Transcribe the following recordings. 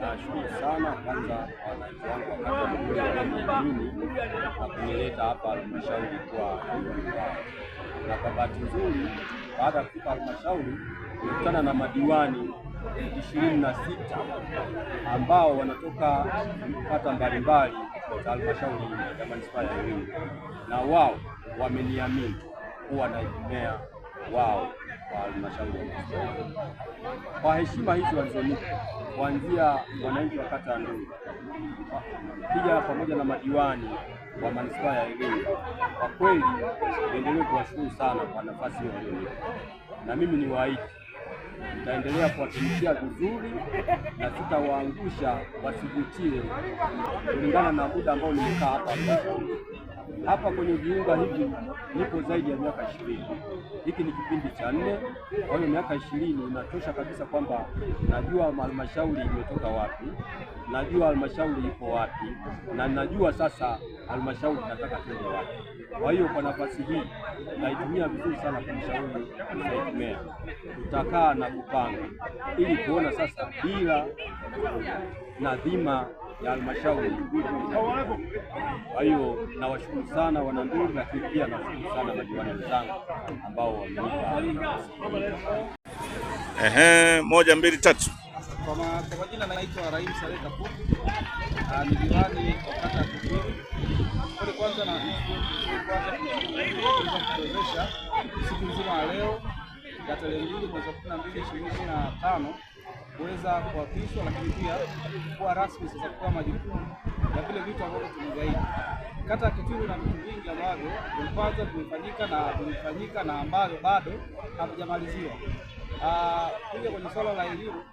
Nashukuru sana kwanza wananchi wangu na kunileta hapa halmashauri kwa na kwa bahati nzuri, baada ya kufika halmashauri nilikutana na madiwani ishirini na sita ambao wanatoka kata mbalimbali za halmashauri ya manispaa ya Iringa, na wao wameniamini kuwa na imea wao wa halmashauri ya Kwa heshima hizi walizonipa kuanzia wananchi wa kata ya Ndungu pia pamoja na madiwani wa manispaa ya Iringa, kwa kweli niendelee kuwashukuru sana kwa nafasi hiyo walionipa, na mimi ni waahidi nitaendelea kuwatumikia vizuri na sitawaangusha wasijutie, kulingana na muda ambao nimekaa hapa hapa kwenye viunga hivi nipo zaidi ya miaka ishirini. Hiki ni kipindi cha nne, kwa hiyo miaka ishirini inatosha kabisa kwamba najua halmashauri imetoka wapi, najua halmashauri ipo wapi, na najua sasa halmashauri nataka twende wapi. Kwa hiyo kwa nafasi hii naitumia vizuri sana kumshauri Mheshimiwa meya, tutakaa na kupanga ili kuona sasa dira na dhima ya halmashauri. Kwa hiyo nawashukuru sana Wananduli, lakini pia nawashukuru sana majiwani wenzangu ambao wamenipa. Ehe, moja mbili tatu. Kwa majina naitwa Rahim Saleh Kapuku, ah, ni diwani wa kata ya Kwanza na kuwezesha siku nzima ya leo ya tarehe mbili mwezi wa kumi na mbili ishirini na tano kuweza kuapishwa, lakini pia kuwa rasmi sasa kupewa majukumu ya vile vitu ambavyo tumegaidi. Kata ya Kitwiru na vitu vingi ambavyo vikwazo vimefanyika na vimefanyika na ambavyo bado havijamaliziwa. Ah, kuja kwenye swala la elimu,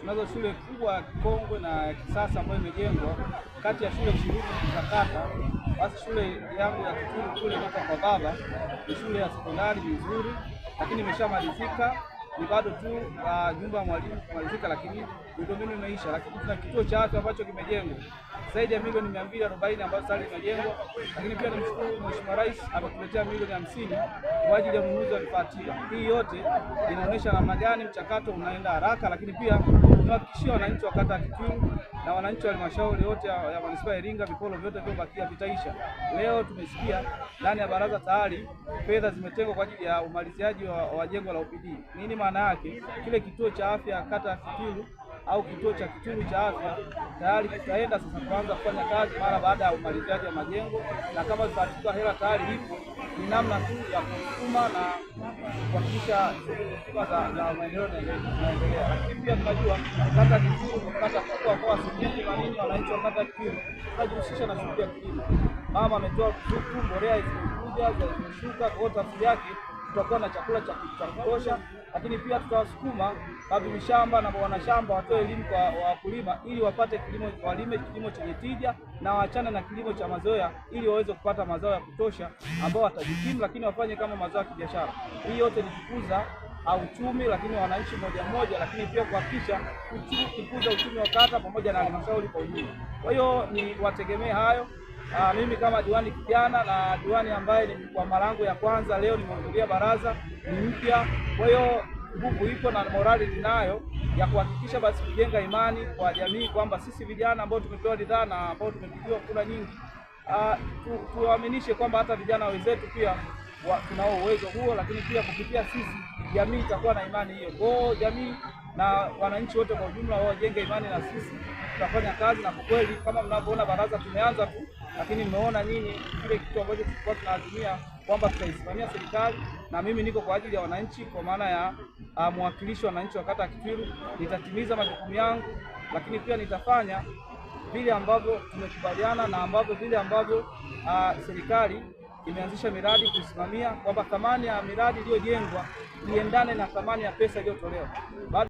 tunazo shule kubwa ya kikongwe na ya kisasa ambayo imejengwa kati ya shule shiriki za kata. Basi shule yangu ya Kitwiru kule kwa baba ni shule ya sekondari nzuri lakini imeshamalizika ni bado tu ah, nyumba ya mwalimu kumalizika, lakini miundombinu imeisha. Lakini tuna kituo cha afya ambacho kimejengwa zaidi ya milioni mia mbili arobaini ambayo sasa imejengwa, lakini pia nimshukuru Mheshimiwa Rais ametuletea milioni hamsini kwa ajili ya mnunuzi wa vifaa tiba. Hii yote inaonyesha namna gani mchakato unaenda haraka, lakini pia tunahakikishia wananchi wa kata Kikindu na wananchi wa halmashauri yote ya manispaa ya Iringa, vipolo vyote vilivyobakia vitaisha. Leo tumesikia ndani ya baraza tayari fedha zimetengwa kwa ajili ya umaliziaji wa, wa jengo la OPD. Nini maana yake? Kile kituo cha afya kata ya Kitilu au kituo cha Kichuru cha afya tayari kitaenda sasa kuanza kufanya kazi mara baada ya umaliziaji wa majengo, na kama zitatuka hela tayari hipo, ni namna tu ya kusukuma na kuhakikisha huduma za maendeleo zinaendelea. Lakini pia tunajua kata Kichuru ni kata kubwa, kwa asilimia themanini wananchi wa kata Kichuru tunajihusisha na shughuli ya kilimo. Mama ametoa tu mbolea zimekuja zimeshuka, kwa tafsiri yake tutakuwa na chakula cha kutosha lakini pia tutawasukuma kadri shamba na wanashamba watoe elimu kwa wakulima ili wapate kilimo, walime kilimo chenye tija na waachane na kilimo cha mazoea ili waweze kupata mazao ya kutosha ambao watajikimu, lakini wafanye kama mazao ya kibiashara. Hii yote ni kukuza uh, uchumi, lakini wananchi moja moja, lakini pia kuhakikisha kukuza uchumi wa kata pamoja na halmashauri kwa ujumla. Kwa hiyo ni wategemee hayo. Aa, ah, mimi kama diwani kijana na diwani ambaye ni kwa mara yangu ya kwanza leo nimehudhuria baraza, ni mpya, kwa hiyo nguvu ipo na morali ninayo ya kuhakikisha basi kujenga imani kwa jamii kwamba sisi vijana ambao tumepewa ridhaa na ambao tumepigiwa kura nyingi ah, tu, tuwaaminishe kwamba hata vijana wenzetu pia tunao uwezo huo, lakini pia kupitia sisi jamii itakuwa na imani hiyo. Kwa hiyo jamii na wananchi wote kwa ujumla wao wajenge imani na sisi, tutafanya kazi na kwa kweli, kama mnavyoona baraza tumeanza tu lakini nimeona nyinyi kile kitu ambacho tulikuwa tunaazimia kwamba tutaisimamia serikali, na mimi niko kwa ajili ya wananchi, kwa maana ya uh, mwakilishi wa wananchi wa kata ya Kitwiru. Nitatimiza majukumu yangu, lakini pia nitafanya vile ambavyo tumekubaliana na ambavyo vile ambavyo uh, serikali imeanzisha miradi kuisimamia, kwamba thamani ya miradi iliyojengwa iendane na thamani ya pesa iliyotolewa.